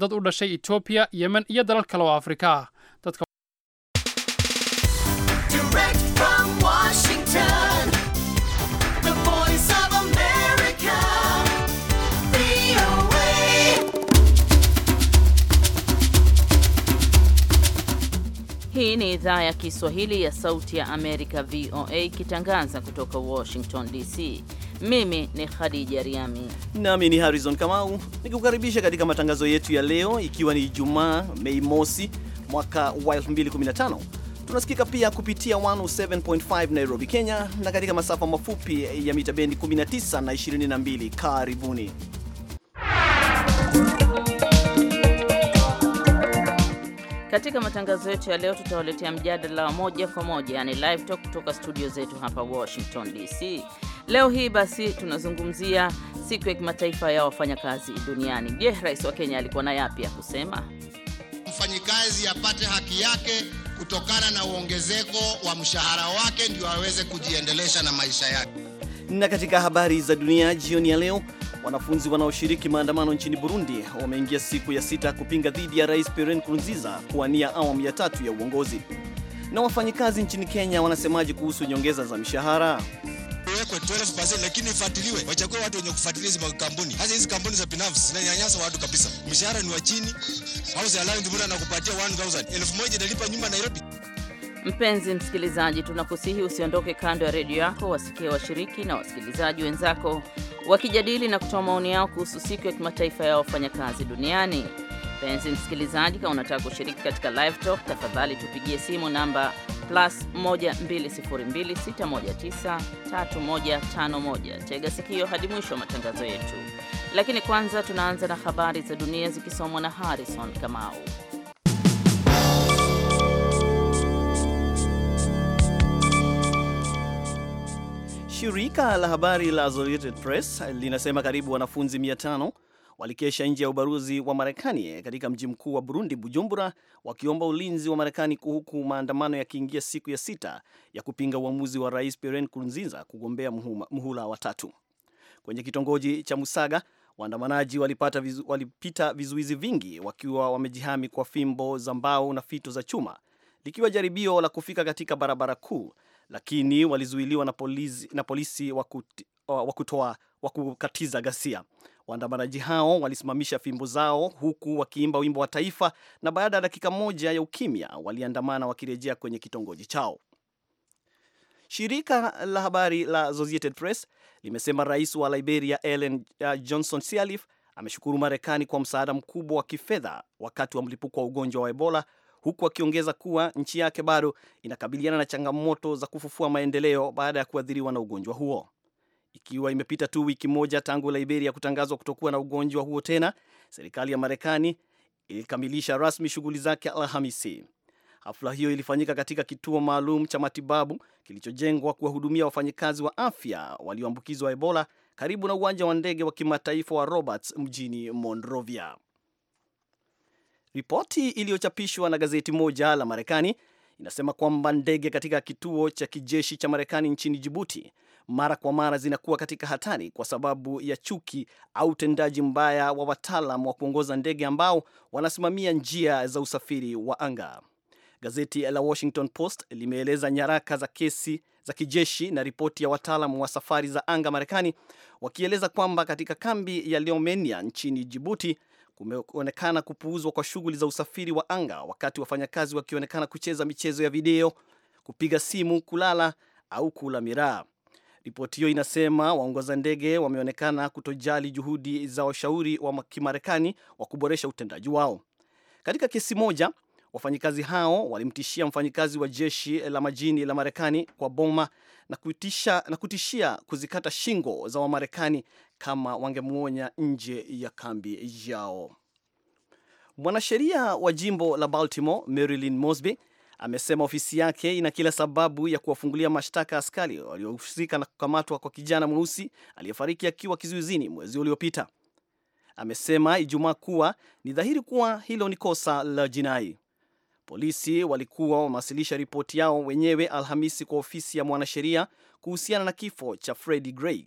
dad u dhashay etoobiya yemen iyo dalal kale oo afrika ah Hii ni idhaa ya Kiswahili ya Sauti ya Amerika, VOA, ikitangaza kutoka Washington DC. Mimi ni Khadija Riami nami ni Harrison Kamau nikukaribisha katika matangazo yetu ya leo, ikiwa ni Ijumaa Mei mosi mwaka wa 2015. Tunasikika pia kupitia 107.5 Nairobi, Kenya, na katika masafa mafupi ya mita bendi 19 na 22. Karibuni Katika matangazo yetu ya leo tutawaletea mjadala wa moja kwa moja, yani live talk kutoka studio zetu hapa Washington DC. Leo hii basi tunazungumzia siku ya kimataifa ya wafanyakazi duniani. Je, rais wa Kenya alikuwa na yapi ya kusema? Mfanyikazi apate haki yake kutokana na uongezeko wa mshahara wake, ndio aweze kujiendelesha na maisha yake. Na katika habari za dunia jioni ya leo Wanafunzi wanaoshiriki maandamano nchini Burundi wameingia siku ya sita kupinga dhidi ya Rais Pierre Nkurunziza kuwania awamu ya tatu ya uongozi. Na wafanyikazi nchini Kenya wanasemaje kuhusu nyongeza za mishahara? lakini ifuatiliwe, wachague watu wenye kufuatilia hizi makampuni, hasa hizi kampuni za binafsi zinanyanyasa watu kabisa. Mishahara ni wa chini, allowance anakupatia 1000 elfu moja inalipa nyumba Nairobi. Mpenzi msikilizaji, tunakusihi usiondoke kando ya redio yako, wasikie washiriki na wasikilizaji wenzako wakijadili na kutoa maoni yao kuhusu siku ya kimataifa ya wafanyakazi duniani. Mpenzi msikilizaji, kama unataka kushiriki katika live talk, tafadhali tupigie simu namba plus 12026193151. Tega sikio hadi mwisho wa matangazo yetu, lakini kwanza tunaanza na habari za dunia zikisomwa na Harrison Kamau. Shirika la habari la Associated Press linasema karibu wanafunzi 500 walikesha nje ya ubalozi wa Marekani katika mji mkuu wa Burundi, Bujumbura, wakiomba ulinzi wa Marekani, huku maandamano yakiingia siku ya sita ya kupinga uamuzi wa Rais Pierre Nkurunziza kugombea muhula wa tatu. Kwenye kitongoji cha Musaga, waandamanaji walipata vizu, walipita vizuizi vingi wakiwa wamejihami kwa fimbo za mbao na fito za chuma, likiwa jaribio la kufika katika barabara kuu lakini walizuiliwa na polisi, na polisi wa kutoa wa kukatiza ghasia. Waandamanaji hao walisimamisha fimbo zao huku wakiimba wimbo wa taifa, na baada ya dakika moja ya ukimya waliandamana wakirejea kwenye kitongoji chao. Shirika la habari la Associated Press limesema rais wa Liberia Ellen uh, Johnson Sirleaf ameshukuru Marekani kwa msaada mkubwa wa kifedha wakati wa mlipuko wa ugonjwa wa Ebola huku akiongeza kuwa nchi yake bado inakabiliana na changamoto za kufufua maendeleo baada ya kuathiriwa na ugonjwa huo. Ikiwa imepita tu wiki moja tangu Liberia kutangazwa kutokuwa na ugonjwa huo tena, serikali ya Marekani ilikamilisha rasmi shughuli zake Alhamisi. Hafla hiyo ilifanyika katika kituo maalum cha matibabu kilichojengwa kuwahudumia wafanyikazi wa afya walioambukizwa Ebola karibu na uwanja wa ndege wa kimataifa wa Roberts mjini Monrovia. Ripoti iliyochapishwa na gazeti moja la Marekani inasema kwamba ndege katika kituo cha kijeshi cha Marekani nchini Jibuti mara kwa mara zinakuwa katika hatari kwa sababu ya chuki au utendaji mbaya wa wataalam wa kuongoza ndege ambao wanasimamia njia za usafiri wa anga. Gazeti la Washington Post limeeleza nyaraka za kesi za kijeshi na ripoti ya wataalam wa safari za anga Marekani wakieleza kwamba katika kambi ya Leomenia nchini Jibuti kumeonekana kupuuzwa kwa shughuli za usafiri wa anga, wakati wafanyakazi wakionekana kucheza michezo ya video, kupiga simu, kulala au kula miraa. Ripoti hiyo inasema waongoza ndege wameonekana kutojali juhudi za washauri wa Kimarekani wa kuboresha utendaji wao. Katika kesi moja, wafanyikazi hao walimtishia mfanyikazi wa jeshi la majini la Marekani kwa boma na, kutisha, na kutishia kuzikata shingo za Wamarekani kama wangemwonya nje ya kambi yao. Mwanasheria wa jimbo la Baltimore Marilyn Mosby amesema ofisi yake ina kila sababu ya kuwafungulia mashtaka askari waliohusika na kukamatwa kwa kijana mweusi aliyefariki akiwa kizuizini mwezi uliopita. Amesema Ijumaa kuwa ni dhahiri kuwa hilo ni kosa la jinai. Polisi walikuwa wamewasilisha ripoti yao wenyewe Alhamisi kwa ofisi ya mwanasheria kuhusiana na kifo cha Freddie Gray.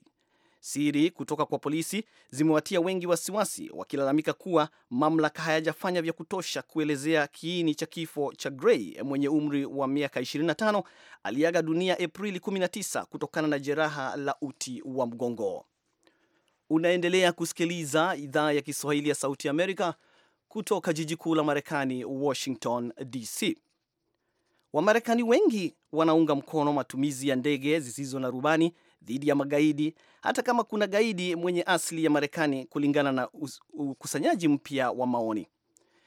Siri kutoka kwa polisi zimewatia wengi wasiwasi, wakilalamika kuwa mamlaka hayajafanya vya kutosha kuelezea kiini cha kifo cha Gray mwenye umri wa miaka 25 aliaga dunia Aprili 19 kutokana na jeraha la uti wa mgongo. Unaendelea kusikiliza idhaa ya Kiswahili ya Sauti Amerika kutoka jiji kuu la Marekani, Washington DC. Wamarekani wengi wanaunga mkono matumizi ya ndege zisizo na rubani dhidi ya magaidi, hata kama kuna gaidi mwenye asili ya Marekani, kulingana na ukusanyaji mpya wa maoni.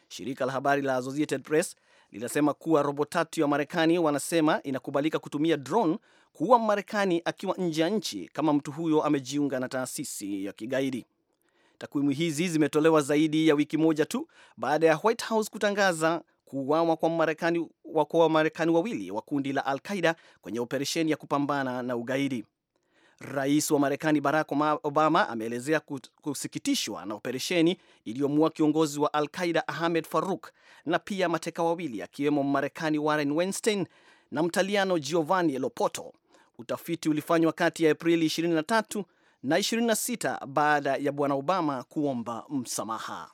Shirika la habari la Associated Press linasema kuwa robo tatu ya Marekani wanasema inakubalika kutumia drone kuua Marekani akiwa nje ya nchi kama mtu huyo amejiunga na taasisi ya kigaidi. Takwimu hizi zimetolewa zaidi ya wiki moja tu baada ya White House kutangaza kuuawa kwa Marekani wa Wamarekani wawili wa kundi la Al-Qaida kwenye operesheni ya kupambana na ugaidi. Rais wa Marekani Barack Obama ameelezea kusikitishwa na operesheni iliyomua kiongozi wa Al-Qaida Ahmed Faruk na pia mateka wawili akiwemo Marekani Warren Weinstein na Mtaliano Giovanni Lopoto. Utafiti ulifanywa kati ya Aprili na 26 baada ya bwana Obama kuomba msamaha.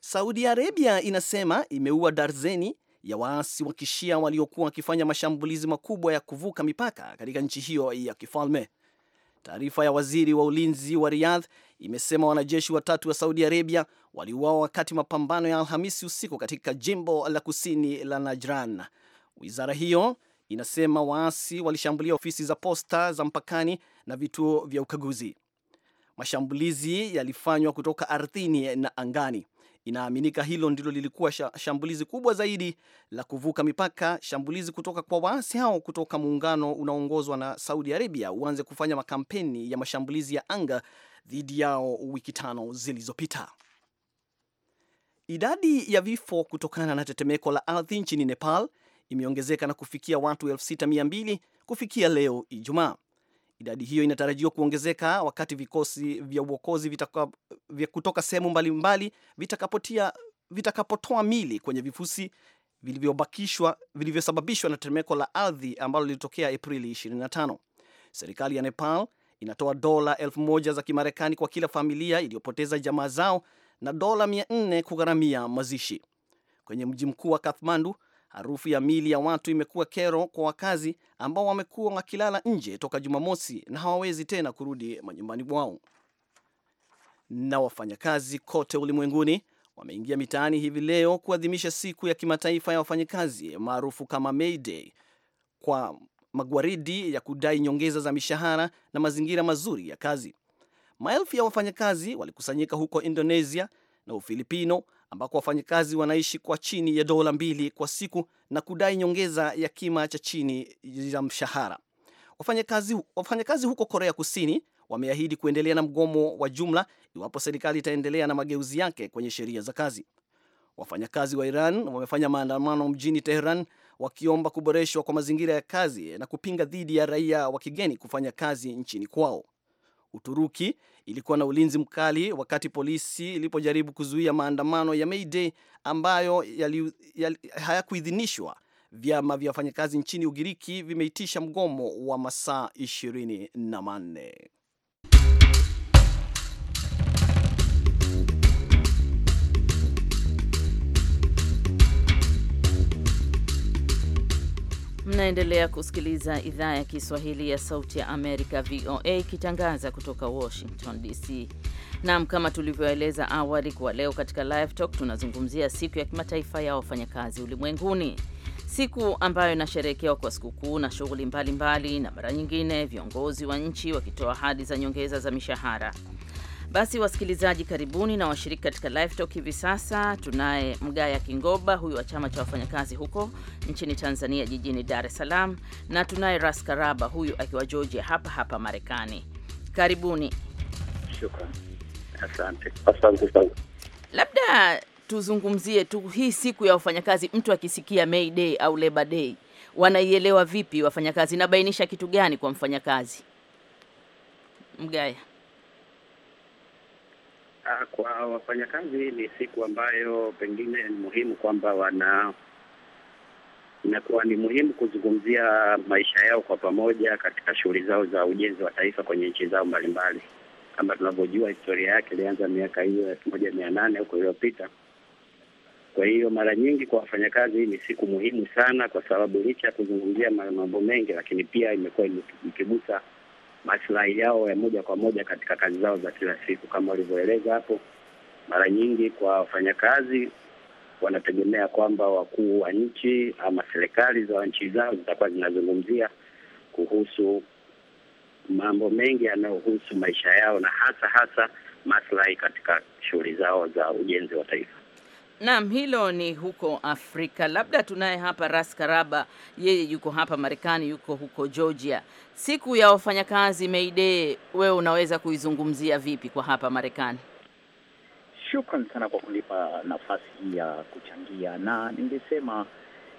Saudi Arabia inasema imeua darzeni ya waasi wa kishia waliokuwa wakifanya mashambulizi makubwa ya kuvuka mipaka katika nchi hiyo ya kifalme. Taarifa ya waziri wa ulinzi wa Riyadh imesema wanajeshi watatu wa Saudi Arabia waliuawa wakati mapambano ya Alhamisi usiku katika jimbo la kusini la Najran. Wizara hiyo inasema waasi walishambulia ofisi za posta za mpakani na vituo vya ukaguzi. Mashambulizi yalifanywa kutoka ardhini na angani. Inaaminika hilo ndilo lilikuwa shambulizi kubwa zaidi la kuvuka mipaka, shambulizi kutoka kwa waasi hao kutoka muungano unaoongozwa na Saudi Arabia uanze kufanya makampeni ya mashambulizi ya anga dhidi yao wiki tano zilizopita. Idadi ya vifo kutokana na tetemeko la ardhi nchini Nepal imeongezeka na kufikia watu 6200 kufikia leo Ijumaa. Idadi hiyo inatarajiwa kuongezeka wakati vikosi vya uokozi vya kutoka sehemu mbalimbali vitakapotia vitakapotoa mili kwenye vifusi vilivyobakishwa vilivyosababishwa na tetemeko la ardhi ambalo lilitokea Aprili 25. Serikali ya Nepal inatoa dola elfu moja za Kimarekani kwa kila familia iliyopoteza jamaa zao na dola 400 kugharamia mazishi. Kwenye mji mkuu wa Kathmandu, Harufu ya mili ya watu imekuwa kero kwa wakazi ambao wamekuwa wakilala nje toka Jumamosi na hawawezi tena kurudi manyumbani mwao. Na wafanyakazi kote ulimwenguni wameingia mitaani hivi leo kuadhimisha siku ya kimataifa ya wafanyakazi maarufu kama May Day kwa magwaridi ya kudai nyongeza za mishahara na mazingira mazuri ya kazi. Maelfu ya wafanyakazi walikusanyika huko Indonesia na Ufilipino ambako wafanyakazi wanaishi kwa chini ya dola mbili kwa siku na kudai nyongeza ya kima cha chini ya mshahara. Wafanyakazi wafanyakazi huko Korea Kusini wameahidi kuendelea na mgomo wa jumla iwapo serikali itaendelea na mageuzi yake kwenye sheria za kazi. Wafanyakazi wa Iran wamefanya maandamano mjini Teheran wakiomba kuboreshwa kwa mazingira ya kazi na kupinga dhidi ya raia wa kigeni kufanya kazi nchini kwao. Uturuki ilikuwa na ulinzi mkali wakati polisi ilipojaribu kuzuia maandamano ya May Day ambayo hayakuidhinishwa. Vyama vya wafanyakazi nchini Ugiriki vimeitisha mgomo wa masaa manne. Mnaendelea kusikiliza idhaa ya Kiswahili ya Sauti ya Amerika, VOA, ikitangaza kutoka Washington DC. Naam, kama tulivyoeleza awali, kwa leo katika Live Talk tunazungumzia siku ya kimataifa ya wafanyakazi ulimwenguni, siku ambayo inasherehekewa kwa sikukuu na shughuli mbalimbali, na mara nyingine viongozi wa nchi wakitoa ahadi za nyongeza za mishahara. Basi wasikilizaji, karibuni na washiriki katika live talk. Hivi sasa tunaye Mgaya Kingoba, huyu wa chama cha wafanyakazi huko nchini Tanzania, jijini Dar es Salaam, na tunaye Ras Karaba, huyu akiwa Georgia, hapa hapa Marekani. Karibuni. asante. Asante sana. Labda tuzungumzie tu hii siku ya wafanyakazi. Mtu akisikia May Day au Labor Day wanaielewa vipi wafanyakazi? Inabainisha kitu gani kwa mfanyakazi? Mgaya. Ah, kwa wafanyakazi ni siku ambayo pengine ni muhimu kwamba wana inakuwa ni muhimu kuzungumzia maisha yao kwa pamoja katika shughuli zao za ujenzi wa taifa kwenye nchi zao mbalimbali. Kama tunavyojua historia yake ilianza miaka hiyo elfu moja mia nane huko iliyopita. Kwa hiyo mara nyingi kwa wafanyakazi ni siku muhimu sana, kwa sababu licha ya kuzungumzia mambo mengi, lakini pia imekuwa ikigusa maslahi yao ya moja kwa moja katika kazi zao za kila siku. Kama walivyoeleza hapo, mara nyingi kwa wafanyakazi wanategemea kwamba wakuu wa nchi ama serikali za nchi zao zitakuwa zinazungumzia kuhusu mambo mengi yanayohusu maisha yao na hasa hasa maslahi katika shughuli zao za ujenzi wa taifa. Naam, hilo ni huko Afrika. Labda tunaye hapa Ras Karaba, yeye yuko hapa Marekani, yuko huko Georgia. Siku ya wafanyakazi May Day, wewe unaweza kuizungumzia vipi kwa hapa Marekani? Shukran sana kwa kunipa nafasi hii ya kuchangia, na ningesema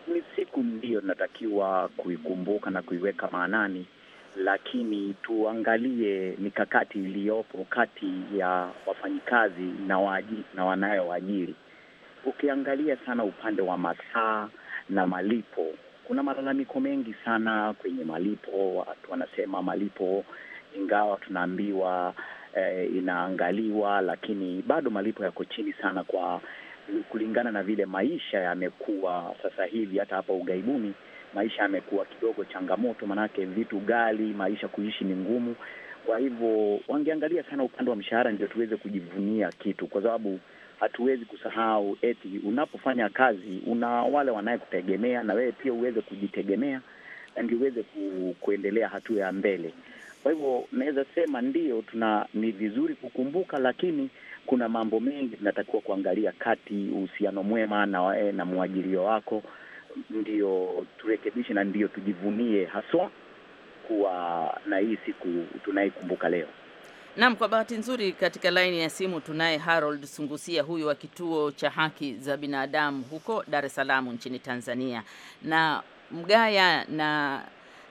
ni siku ndiyo natakiwa kuikumbuka na kuiweka maanani, lakini tuangalie mikakati iliyopo kati ya wafanyikazi na, na wanayowaajiri ukiangalia sana upande wa masaa na malipo, kuna malalamiko mengi sana kwenye malipo. Watu wanasema malipo, ingawa tunaambiwa eh, inaangaliwa, lakini bado malipo yako chini sana kwa eh, kulingana na vile maisha yamekuwa sasa hivi. Hata hapa ughaibuni maisha yamekuwa kidogo changamoto, maanake vitu ghali, maisha kuishi ni ngumu. Kwa hivyo wangeangalia sana upande wa mshahara, ndio tuweze kujivunia kitu, kwa sababu hatuwezi kusahau eti unapofanya kazi una wale wanayekutegemea na wewe pia uweze kujitegemea ndio uweze ku, kuendelea hatua ya mbele. Kwa hivyo naweza sema ndiyo, tuna ni vizuri kukumbuka, lakini kuna mambo mengi tunatakiwa kuangalia kati uhusiano mwema na, eh, na mwajiriwa wako, ndio turekebishe na ndio tujivunie haswa kuwa na hii siku tunaikumbuka leo. Naam, kwa bahati nzuri katika laini ya simu tunaye Harold Sungusia, huyu wa kituo cha haki za binadamu huko Dar es Salaam nchini Tanzania. Na Mgaya na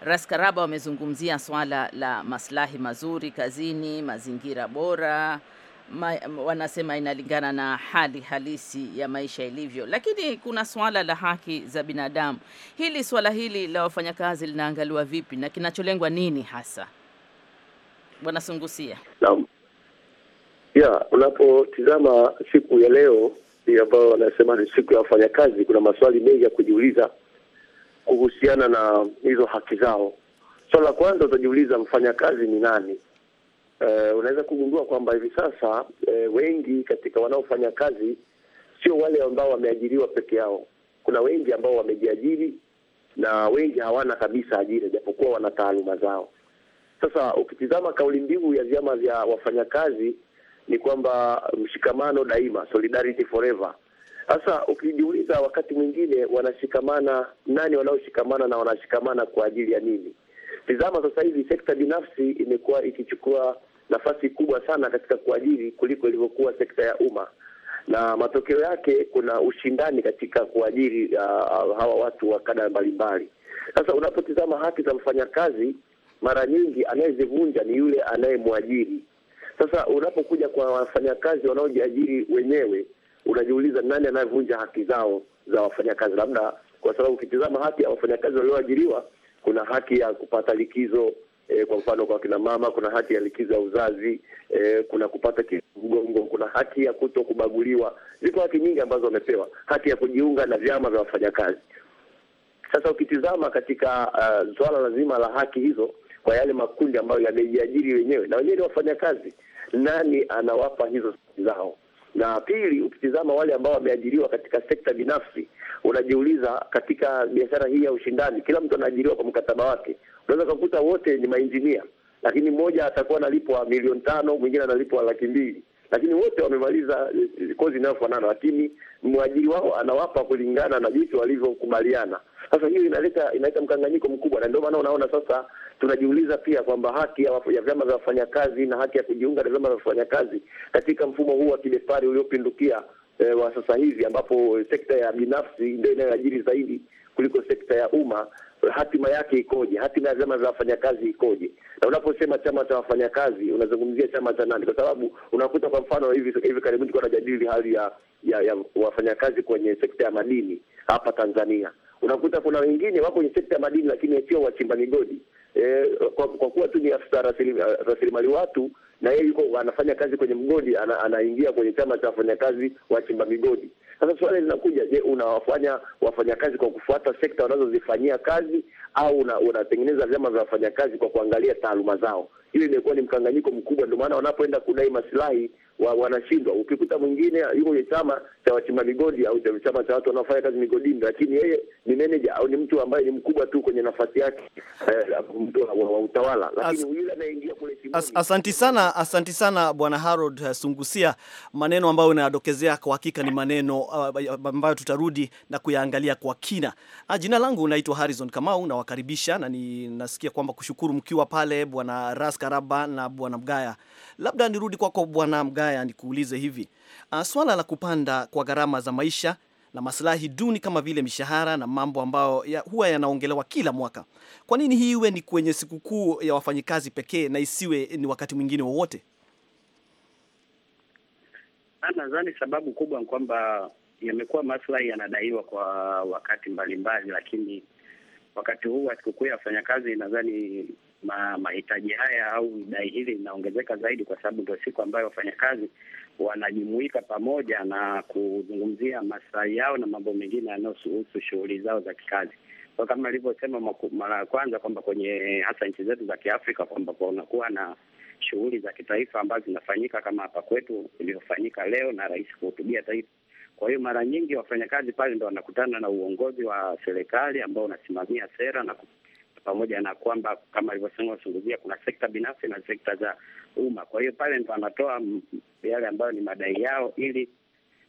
Raskaraba wamezungumzia swala la maslahi mazuri kazini, mazingira bora ma, wanasema inalingana na hali halisi ya maisha ilivyo, lakini kuna swala la haki za binadamu. Hili swala hili la wafanyakazi linaangaliwa vipi na kinacholengwa nini hasa? Bwana Sungusia. Naam, ya unapotizama siku ya leo hii ambayo wanasema ni siku ya wafanyakazi, kuna maswali mengi ya kujiuliza kuhusiana na hizo haki zao. Swala so, la kwanza utajiuliza mfanyakazi ni nani? E, unaweza kugundua kwamba hivi sasa e, wengi katika wanaofanya kazi sio wale ambao wameajiriwa peke yao. Kuna wengi ambao wamejiajiri na wengi hawana kabisa ajira, japokuwa wana taaluma zao. Sasa ukitizama kauli mbiu ya vyama vya wafanyakazi ni kwamba mshikamano daima, solidarity forever. Sasa ukijiuliza, wakati mwingine wanashikamana nani? Wanaoshikamana na wanashikamana kwa ajili ya nini? Tizama sasa hivi sekta binafsi imekuwa ikichukua nafasi kubwa sana katika kuajiri kuliko ilivyokuwa sekta ya umma, na matokeo yake kuna ushindani katika kuajiri uh, hawa watu wa kada mbalimbali. Sasa unapotizama haki za mfanyakazi mara nyingi anayezivunja ni yule anayemwajiri. Sasa unapokuja kwa wafanyakazi wanaojiajiri wenyewe, unajiuliza nani anayevunja haki zao za wafanyakazi, labda kwa sababu ukitizama haki ya wafanyakazi walioajiriwa, kuna haki ya kupata likizo E, kwa mfano kwa kina mama kuna haki ya likizo ya uzazi e, kuna kupata kigongo, kuna haki ya kuto kubaguliwa. Ziko haki nyingi ambazo wamepewa, haki ya kujiunga na vyama vya wafanyakazi. Sasa ukitizama katika uh, swala lazima la haki hizo, kwa yale makundi ambayo yamejiajiri wenyewe na wenyewe ni wafanyakazi. Nani anawapa hizo zao? Na pili, ukitizama wale ambao wameajiriwa katika sekta binafsi, unajiuliza katika biashara hii ya ushindani, kila mtu anaajiriwa kwa mkataba wake. Unaweza kukuta wote ni mainjinia, lakini mmoja atakuwa analipwa milioni tano, mwingine analipwa laki mbili, lakini wote wamemaliza eh, kozi inayofanana, lakini mwajiri wao anawapa kulingana na jinsi walivyokubaliana. Sasa hiyo inaleta inaleta mkanganyiko mkubwa, na ndio maana unaona sasa tunajiuliza pia kwamba haki ya, vyama vya wafanyakazi na haki ya kujiunga na vyama vya wafanyakazi katika mfumo huu wa kibepari uliopindukia e, wa sasa hivi ambapo eh, sekta ya binafsi ndio inayoajiri zaidi kuliko sekta ya umma, hatima yake ikoje? Hatima ya vyama vya wafanyakazi ikoje? Na unaposema chama cha wafanyakazi unazungumzia chama cha nani? Kwa sababu unakuta kwa mfano hivi hivi karibuni tulikuwa tunajadili hali ya, ya, ya wafanyakazi kwenye sekta ya madini hapa Tanzania. Unakuta kuna wengine wako kwenye sekta ya madini, lakini sio wachimba migodi eh, kwa, kwa kuwa tu ni afisa rasilimali watu na yeye yuko anafanya kazi kwenye mgodi, anaingia kwenye chama cha wafanyakazi wachimba migodi. Sasa swali linakuja, je, unawafanya wafanyakazi kwa kufuata sekta wanazozifanyia kazi au unatengeneza una vyama vya wafanyakazi kwa kuangalia taaluma zao? hiyo imekuwa ni mkanganyiko mkubwa, ndio maana wanapoenda kudai masilahi wa, wanashindwa. Ukikuta mwingine yuko kwenye chama cha wachimba migodi au cha chama cha watu wanaofanya kazi migodini, lakini yeye ni manager au ni mtu ambaye ni mkubwa tu kwenye nafasi yake eh, mtu wa, wa utawala, lakini yule anayeingia kule. As, asanti sana, asanti sana Bwana Harold uh, Sungusia, maneno ambayo unayadokezea kwa hakika ni maneno uh, ambayo tutarudi na kuyaangalia kwa kina. Uh, jina langu naitwa Harrison Kamau, nawakaribisha na ni nasikia kwamba kushukuru mkiwa pale Bwana Ras Karaba na Bwana Mgaya. Labda nirudi kwako Bwana Mgaya haya nikuulize hivi, ah, swala la kupanda kwa gharama za maisha na maslahi duni kama vile mishahara na mambo ambayo ya huwa yanaongelewa kila mwaka, kwa nini hii iwe ni kwenye sikukuu ya wafanyikazi pekee na isiwe ni wakati mwingine wowote? Ah, nadhani sababu kubwa ni kwamba yamekuwa maslahi yanadaiwa kwa wakati mbalimbali mbali, lakini wakati huu wa sikukuu ya wafanyakazi nadhani mahitaji haya au dai hili linaongezeka zaidi, kwa sababu ndio siku ambayo wafanyakazi wanajumuika pamoja na kuzungumzia masai yao na mambo mengine yanayohusu shughuli zao za kikazi. Kwa kama ilivyosema mara ya kwanza kwamba kwenye hasa nchi zetu za Kiafrika kwamba kunakuwa na shughuli za kitaifa ambazo zinafanyika kama hapa kwetu iliyofanyika leo na rais kuhutubia taifa. Kwa hiyo mara nyingi wafanyakazi pale ndo wanakutana na uongozi wa serikali ambao unasimamia sera na pamoja na kwamba kama alivyosema uzungumzia, kuna sekta binafsi na sekta za umma. Kwa hiyo pale ndo anatoa yale ambayo ni madai yao, ili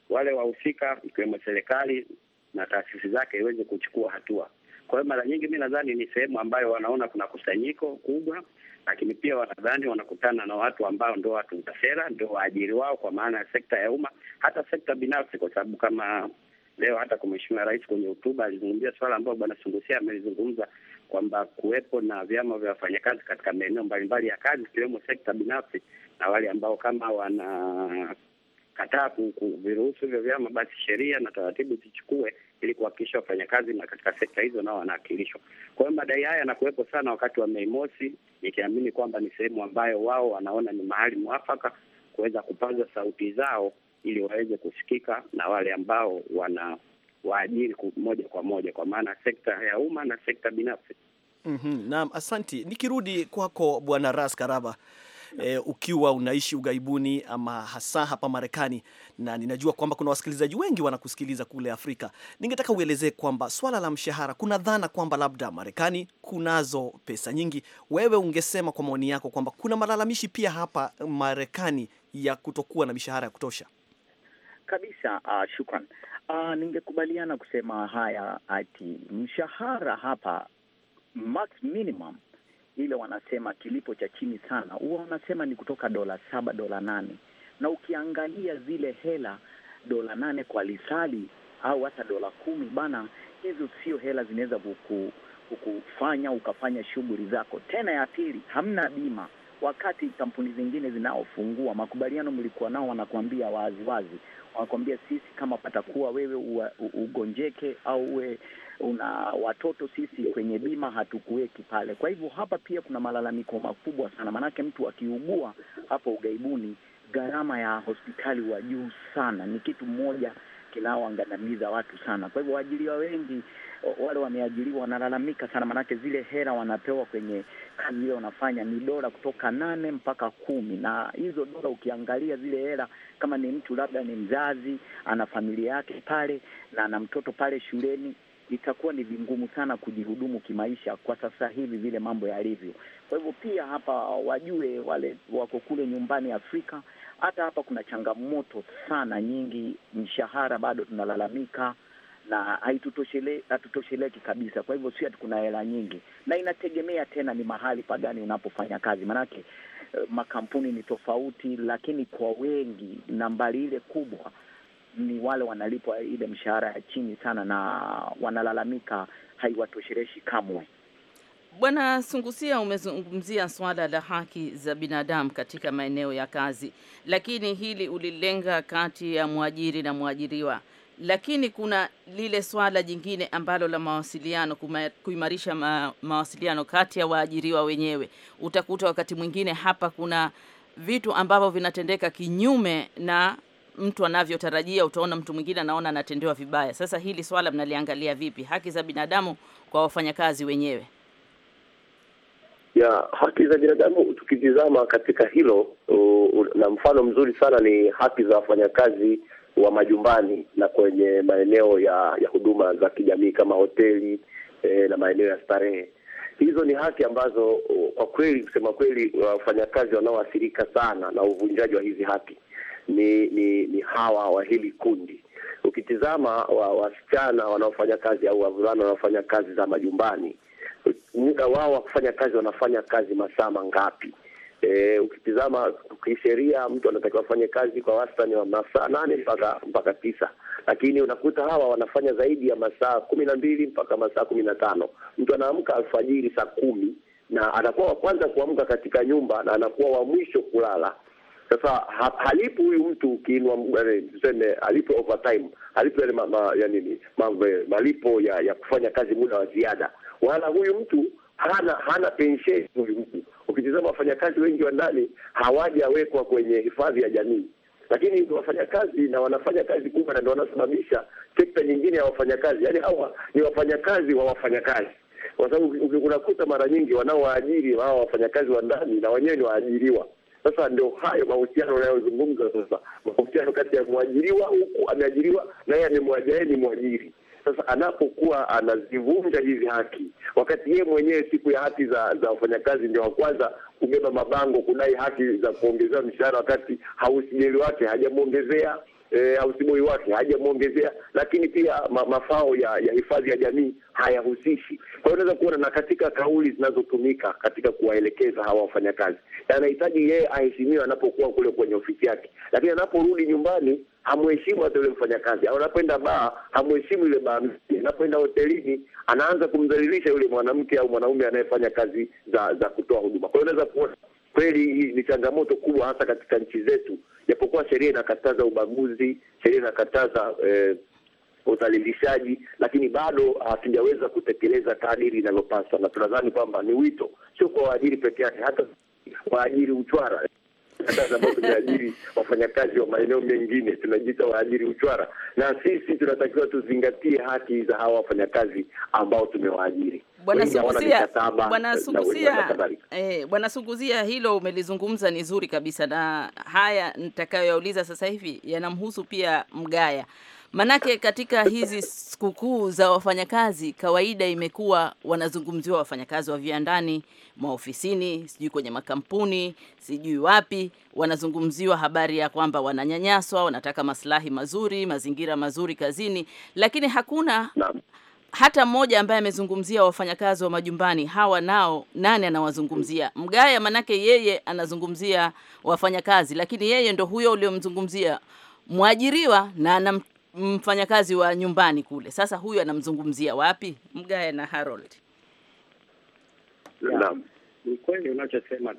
wale wahusika ikiwemo serikali na taasisi zake iweze kuchukua hatua. Kwa hiyo mara nyingi mi nadhani ni sehemu ambayo wanaona kuna kusanyiko kubwa, lakini pia wanadhani wanakutana na watu ambao ndo wa sera, ndo waajiri wao, kwa maana ya sekta ya umma, hata sekta binafsi, kwa sababu kama leo hata kwa Mheshimiwa Rais kwenye hotuba alizungumzia swala ambayo Bwana Sungusia amelizungumza kwamba kuwepo na vyama vya wafanyakazi katika maeneo mbalimbali ya kazi ikiwemo sekta binafsi, na wale ambao kama wanakataa kuviruhusu hivyo vyama, basi sheria na taratibu zichukue ili kuhakikisha wafanyakazi na katika sekta hizo nao wanawakilishwa. Kwa hiyo madai haya yanakuwepo sana wakati wa Mei Mosi, nikiamini kwamba ni sehemu ambayo wao wanaona ni mahali mwafaka kuweza kupaza sauti zao ili waweze kusikika na wale ambao wana waajiri moja kwa moja, kwa maana sekta ya umma na sekta binafsi. mm -hmm. Naam, asanti. Nikirudi kwako Bwana Ras Karaba, E, ukiwa unaishi ugaibuni ama hasa hapa Marekani, na ninajua kwamba kuna wasikilizaji wengi wanakusikiliza kule Afrika, ningetaka uelezee kwamba swala la mshahara, kuna dhana kwamba labda Marekani kunazo pesa nyingi. Wewe ungesema kwa maoni yako kwamba kuna malalamishi pia hapa Marekani ya kutokuwa na mishahara ya kutosha kabisa? Uh, shukran. Uh, ningekubaliana kusema haya ati mshahara hapa max minimum ile wanasema kilipo cha chini sana, huwa wanasema ni kutoka dola saba dola nane na ukiangalia zile hela dola nane kwa lisali au hata dola kumi bana, hizo sio hela zinaweza kukufanya ukafanya shughuli zako tena. Ya pili, hamna bima, wakati kampuni zingine zinaofungua makubaliano mlikuwa nao wanakuambia waziwazi wanakuambia sisi, kama patakuwa wewe u, ugonjeke au uwe una watoto, sisi kwenye bima hatukuweki pale. Kwa hivyo hapa pia kuna malalamiko makubwa sana, maanake mtu akiugua hapo ugaibuni, gharama ya hospitali wa juu sana, ni kitu mmoja nao wangandamiza watu sana. Kwa hivyo waajiriwa wengi wale wameajiriwa wanalalamika sana, maanake zile hela wanapewa kwenye kazi ile wanafanya ni dola kutoka nane mpaka kumi, na hizo dola ukiangalia zile hela, kama ni mtu labda ni mzazi ana familia yake pale na ana mtoto pale shuleni itakuwa ni vingumu sana kujihudumu kimaisha kwa sasa hivi vile mambo yalivyo. Kwa hivyo pia hapa wajue wale wako kule nyumbani Afrika hata hapa kuna changamoto sana nyingi, mshahara bado tunalalamika na haitutoshele hatutosheleki kabisa. Kwa hivyo si ati kuna hela nyingi, na inategemea tena ni mahali pagani unapofanya kazi, maanake eh, makampuni ni tofauti, lakini kwa wengi nambari ile kubwa ni wale wanalipwa ile mshahara ya chini sana, na wanalalamika haiwatosheleshi kamwe. Bwana Sungusia, umezungumzia swala la haki za binadamu katika maeneo ya kazi, lakini hili ulilenga kati ya mwajiri na mwajiriwa, lakini kuna lile swala jingine ambalo la mawasiliano, kuimarisha ma, mawasiliano kati ya waajiriwa wenyewe. Utakuta wakati mwingine hapa kuna vitu ambavyo vinatendeka kinyume na mtu anavyotarajia. Utaona mtu mwingine anaona anatendewa vibaya. Sasa hili swala mnaliangalia vipi, haki za binadamu kwa wafanyakazi wenyewe? ya haki za binadamu. Tukitizama katika hilo uh, na mfano mzuri sana ni haki za wafanyakazi wa majumbani na kwenye maeneo ya ya huduma za kijamii kama hoteli e, na maeneo ya starehe. Hizo ni haki ambazo kwa kweli kusema kweli wafanyakazi wanaoathirika sana na uvunjaji wa hizi haki ni ni, ni hawa wa hili kundi. Ukitizama wasichana wa wanaofanya kazi au wavulana wanaofanya kazi za majumbani muda wao wa kufanya kazi, wanafanya kazi masaa mangapi? E, ukitizama kisheria mtu anatakiwa afanye kazi kwa wastani wa masaa nane mpaka mpaka tisa, lakini unakuta hawa wanafanya zaidi ya masaa kumi na mbili mpaka masaa kumi na tano. Mtu anaamka alfajiri saa kumi na anakuwa wa kwanza kuamka katika nyumba na anakuwa wa mwisho kulala. Sasa ha, halipu huyu mtu ukiinua eh, tuseme, halipo overtime, yale ma, ma, ya nini malipo ya, ya kufanya kazi muda wa ziada wala huyu mtu hana hana pensheni huyu mtu. Ukitizama wafanyakazi wengi wa ndani hawajawekwa kwenye hifadhi ya jamii, lakini wafanyakazi na wanafanya kazi kubwa na ndio wanasimamisha sekta nyingine ya wafanyakazi. Yaani hawa ni wafanyakazi wa wafanyakazi, kwa sababu unakuta mara nyingi wanaowaajiri hawa wafanyakazi wa ndani na wenyewe ni waajiriwa. Sasa ndio hayo mahusiano unayozungumza sasa, mahusiano kati ya mwajiriwa, huku ameajiriwa na yeye ni mwajiri sasa anapokuwa anazivunja hizi haki, wakati yeye mwenyewe siku ya haki za za wafanyakazi ndio wa kwanza kubeba mabango kudai haki za kuongezewa mishahara, wakati hausijeli wake hajamwongezea E, ausiboi wake hajamwongezea, lakini pia ma, mafao ya, ya hifadhi ya jamii hayahusishi. Kwa hiyo unaweza kuona na katika kauli zinazotumika katika kuwaelekeza hawa wafanyakazi, anahitaji yeye aheshimiwe anapokuwa kule kwenye ofisi yake, lakini anaporudi nyumbani hamuheshimu hata yule mfanyakazi, au anapoenda baa, hamuheshimu yule baa, anapoenda hotelini anaanza kumdhalilisha yule mwanamke au mwanaume anayefanya kazi za za kutoa huduma. Kwa hiyo unaweza kuona kweli hii ni changamoto kubwa, hasa katika nchi zetu, japokuwa sheria inakataza ubaguzi, sheria inakataza eh, udhalilishaji lakini bado hatujaweza kutekeleza kadiri inavyopaswa na tunadhani kwamba ni wito sio kwa waajiri peke yake, hata waajiri uchwara kazi tumeajiri wafanyakazi wa maeneo mengine, tunajiita waajiri uchwara, na sisi tunatakiwa tuzingatie haki za hawa wafanyakazi ambao tumewaajiri. Bwana Sunguzia, Bwana Sunguzia, eh, Bwana Sunguzia, hilo umelizungumza ni zuri kabisa, na haya nitakayoyauliza sasa hivi yanamhusu pia Mgaya. Manake katika hizi sikukuu za wafanyakazi, kawaida imekuwa wanazungumziwa wafanyakazi wa viwandani, maofisini, sijui kwenye makampuni, sijui wapi, wanazungumziwa habari ya kwamba wananyanyaswa, wanataka maslahi mazuri, mazingira mazuri kazini, lakini hakuna hata mmoja ambaye amezungumzia wafanyakazi wa majumbani hawa. Nao nani anawazungumzia? Mgaya, manake yeye anazungumzia wafanyakazi, lakini yeye ndo huyo uliomzungumzia mwajiriwa, na mfanyakazi wa nyumbani kule. Sasa huyu anamzungumzia wapi Mgaya na Harold? Naam, ni kweli unachosema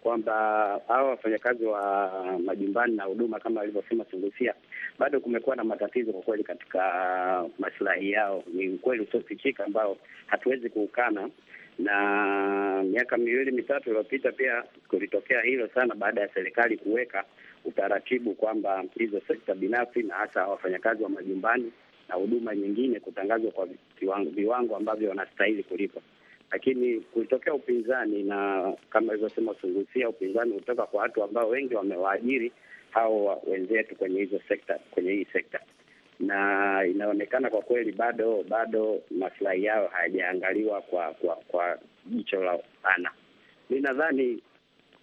kwamba hawa wafanyakazi wa majumbani na huduma kama alivyosema Sungusia, bado kumekuwa na matatizo kwa kweli katika maslahi yao. Ni ukweli usiofichika ambao hatuwezi kuukana, na miaka miwili mitatu iliyopita pia kulitokea hilo sana, baada ya serikali kuweka utaratibu kwamba hizo sekta binafsi na hata wafanyakazi wa majumbani na huduma nyingine kutangazwa kwa viwango, viwango ambavyo wanastahili kulipa. Lakini kulitokea upinzani, na kama ilivyosema Sungusia, upinzani hutoka kwa watu ambao wengi wamewaajiri hao wenzetu kwenye hizo sekta, kwenye hii sekta, na inaonekana kwa kweli bado bado maslahi yao hayajaangaliwa kwa kwa kwa jicho la pana. nadhani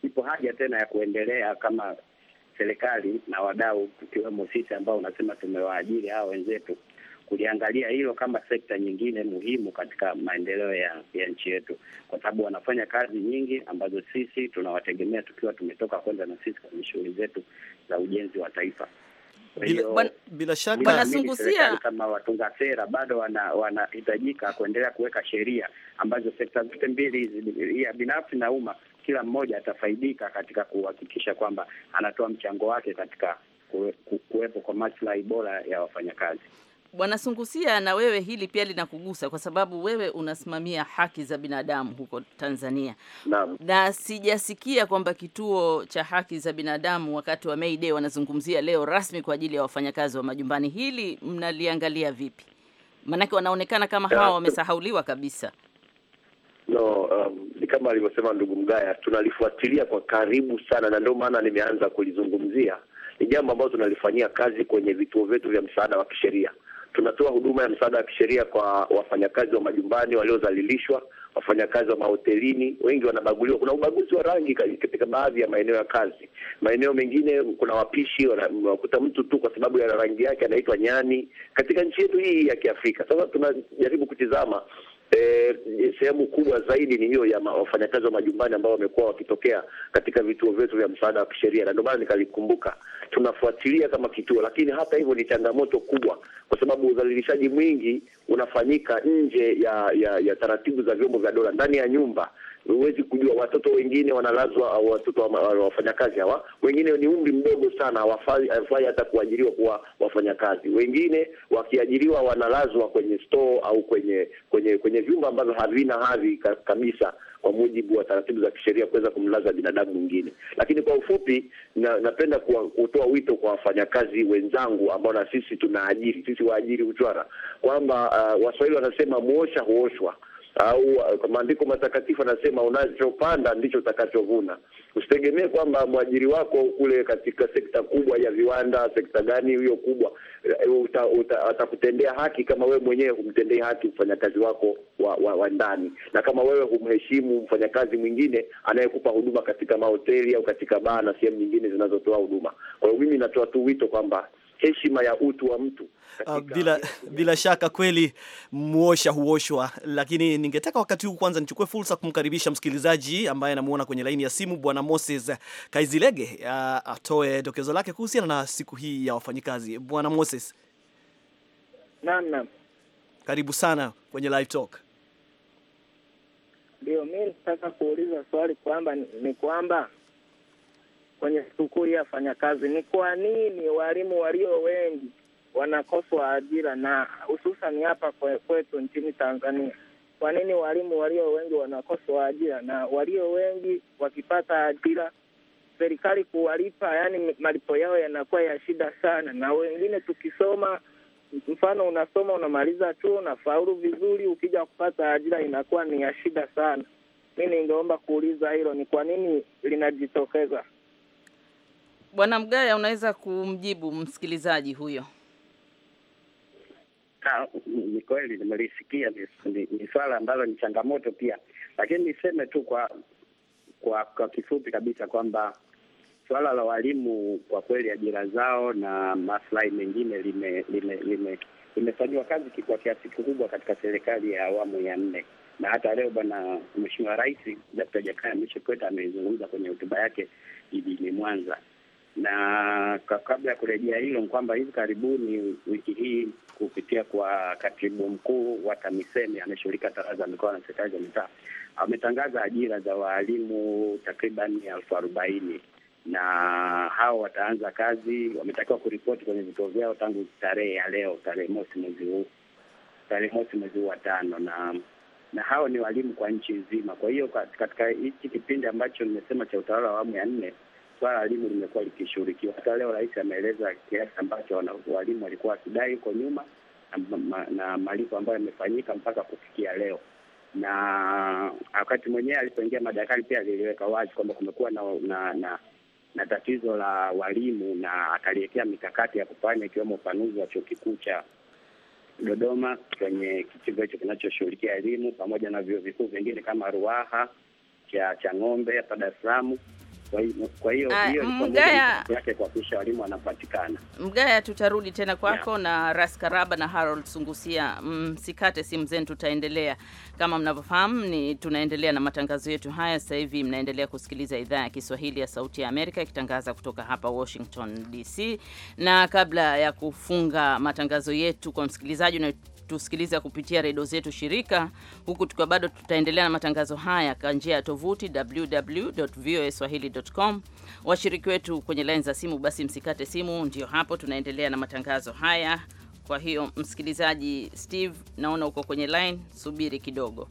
ipo haja tena ya kuendelea kama serikali na wadau tukiwemo sisi ambao unasema tumewaajiri hao wenzetu kuliangalia hilo kama sekta nyingine muhimu katika maendeleo ya, ya nchi yetu, kwa sababu wanafanya kazi nyingi ambazo sisi tunawategemea tukiwa tumetoka kwenda na sisi kwenye shughuli zetu za ujenzi wa taifa. Kwa bila shaka serikali kama watunga sera bado wanahitajika wana kuendelea kuweka sheria ambazo sekta zote mbili hizi ya binafsi na umma kila mmoja atafaidika katika kuhakikisha kwamba anatoa mchango wake katika kuwepo kwa maslahi bora ya wafanyakazi. Bwana Sungusia, na wewe hili pia linakugusa kwa sababu wewe unasimamia haki za binadamu huko Tanzania. Naam. Na sijasikia kwamba kituo cha haki za binadamu wakati wa May Day wanazungumzia leo rasmi kwa ajili ya wafanyakazi wa majumbani. Hili mnaliangalia vipi? Maanake wanaonekana kama eh, hawa wamesahauliwa kabisa. No, um, ni kama alivyosema ndugu Mgaya, tunalifuatilia kwa karibu sana, na ndio maana nimeanza kulizungumzia. Ni jambo ambalo tunalifanyia kazi kwenye vituo vyetu vya msaada wa kisheria. Tunatoa huduma ya msaada wa kisheria kwa wafanyakazi wa majumbani waliodhalilishwa, wafanyakazi wa mahotelini. Wengi wanabaguliwa, kuna ubaguzi wa rangi katika baadhi ya maeneo ya kazi. Maeneo mengine kuna wapishi wanakuta mtu tu kwa sababu ya rangi yake anaitwa nyani, katika nchi yetu hii ya Kiafrika. Sasa tunajaribu kutizama eh, sehemu kubwa zaidi ni hiyo ya wafanyakazi wa majumbani ambao wamekuwa wakitokea katika vituo vyetu vya msaada wa kisheria, na ndio maana nikalikumbuka. Tunafuatilia kama kituo, lakini hata hivyo ni changamoto kubwa, kwa sababu udhalilishaji mwingi unafanyika nje ya, ya, ya taratibu za vyombo vya dola, ndani ya nyumba huwezi kujua. Watoto wengine wanalazwa, watoto wafanyakazi hawa, wengine ni umri mdogo sana, hawafai hata kuajiriwa kuwa wafanyakazi. Wengine wakiajiriwa wanalazwa kwenye store au kwenye kwenye kwenye vyumba ambavyo havina hadhi kabisa kwa mujibu wa taratibu za kisheria kuweza kumlaza binadamu mwingine. Lakini kwa ufupi, na, napenda kutoa wito kwa wafanyakazi wenzangu ambao na sisi tunaajiri, sisi waajiri uchwara, kwamba uh, Waswahili wanasema muosha huoshwa au uh, maandiko matakatifu anasema unachopanda ndicho utakachovuna. Usitegemee kwamba mwajiri wako kule katika sekta kubwa ya viwanda, sekta gani hiyo kubwa, uh, atakutendea haki kama wewe mwenyewe humtendei haki mfanyakazi wako wa, wa, wa ndani, na kama wewe humheshimu mfanyakazi mwingine anayekupa huduma katika mahoteli au katika baa na sehemu nyingine zinazotoa huduma. Kwa hiyo mimi natoa tu wito kwamba heshima ya utu wa mtu. Ah, bila, bila shaka kweli muosha huoshwa, lakini ningetaka wakati huu kwanza nichukue fursa kumkaribisha msikilizaji ambaye anamuona kwenye laini ya simu Bwana Moses Kaizilege ah, atoe dokezo lake kuhusiana na siku hii ya wafanyikazi. Bwana Moses, naam naam, karibu sana kwenye live talk. Ndio, mimi nataka kuuliza swali kwamba ni kwamba kwenye sikukuu afanya kazi. Ni kwa nini walimu walio wengi wanakoswa ajira na hususan hapa kwetu nchini Tanzania? Kwa nini walimu walio wengi wanakoswa ajira na walio wengi wakipata ajira serikali kuwalipa, yani malipo yao yanakuwa ya shida sana, na wengine tukisoma mfano unasoma unamaliza chuo unafaulu vizuri, ukija kupata ajira inakuwa ni ya shida sana. Mi ningeomba kuuliza hilo, ni kwa nini linajitokeza? Bwana Mgaya, unaweza kumjibu msikilizaji huyo? Ni kweli nimelisikia, ni swala ambalo ni changamoto pia, lakini niseme tu kwa kwa, kwa kifupi kabisa kwamba swala la walimu kwa kweli ajira zao na maslahi mengine lime lime- limefanyiwa kazi kwa kiasi kikubwa katika serikali ya awamu ya nne, na hata leo bwana Mheshimiwa Rais Dkt. Jakaya Mrisho Kikwete ameizungumza kwenye hotuba yake jijini Mwanza na kabla ya kurejea hilo ni kwamba hivi karibuni wiki hii kupitia kwa katibu mkuu wa TAMISEMI anayeshughulika tawala za mikoa na serikali za mitaa ametangaza ajira za waalimu takriban elfu arobaini na hao wataanza kazi, wametakiwa kuripoti kwenye vituo vyao tangu tarehe ya leo, tarehe mosi mwezi huu, tarehe mosi mwezi huu wa tano, na na hao ni walimu kwa nchi nzima. Kwa hiyo katika hichi kipindi ambacho nimesema cha utawala wa awamu ya nne swala la elimu limekuwa likishughulikiwa. Hata leo Rais ameeleza kiasi ambacho walimu walikuwa wakidai huko nyuma na malipo ambayo yamefanyika mpaka kufikia leo. Na wakati mwenyewe alipoingia madarakani pia aliliweka wazi kwamba kumekuwa na, na, na na tatizo la walimu na akaliwekea mikakati ya kufanya ikiwemo upanuzi wa chuo kikuu cha Dodoma kwenye kitivo hicho kinachoshughulikia elimu pamoja na vyuo vikuu vingine kama Ruaha cha ngombe hapa Dar es Salaam kwa hiyo ah, Mgaya yake kuhakikisha walimu wanapatikana. Mgaya, tutarudi tena kwako yeah. Na Raskaraba na Harold Sungusia, msikate mm, simu zenu, tutaendelea. Kama mnavyofahamu ni tunaendelea na matangazo yetu haya. Sasa hivi mnaendelea kusikiliza idhaa ya Kiswahili ya Sauti ya Amerika ikitangaza kutoka hapa Washington DC, na kabla ya kufunga matangazo yetu kwa msikilizaji kutusikiliza kupitia redio zetu shirika, huku tukiwa bado tutaendelea na matangazo haya kwa njia ya tovuti www.voaswahili.com. Washiriki wetu kwenye laini za simu, basi msikate simu, ndiyo hapo tunaendelea na matangazo haya. Kwa hiyo msikilizaji Steve, naona uko kwenye line, subiri kidogo.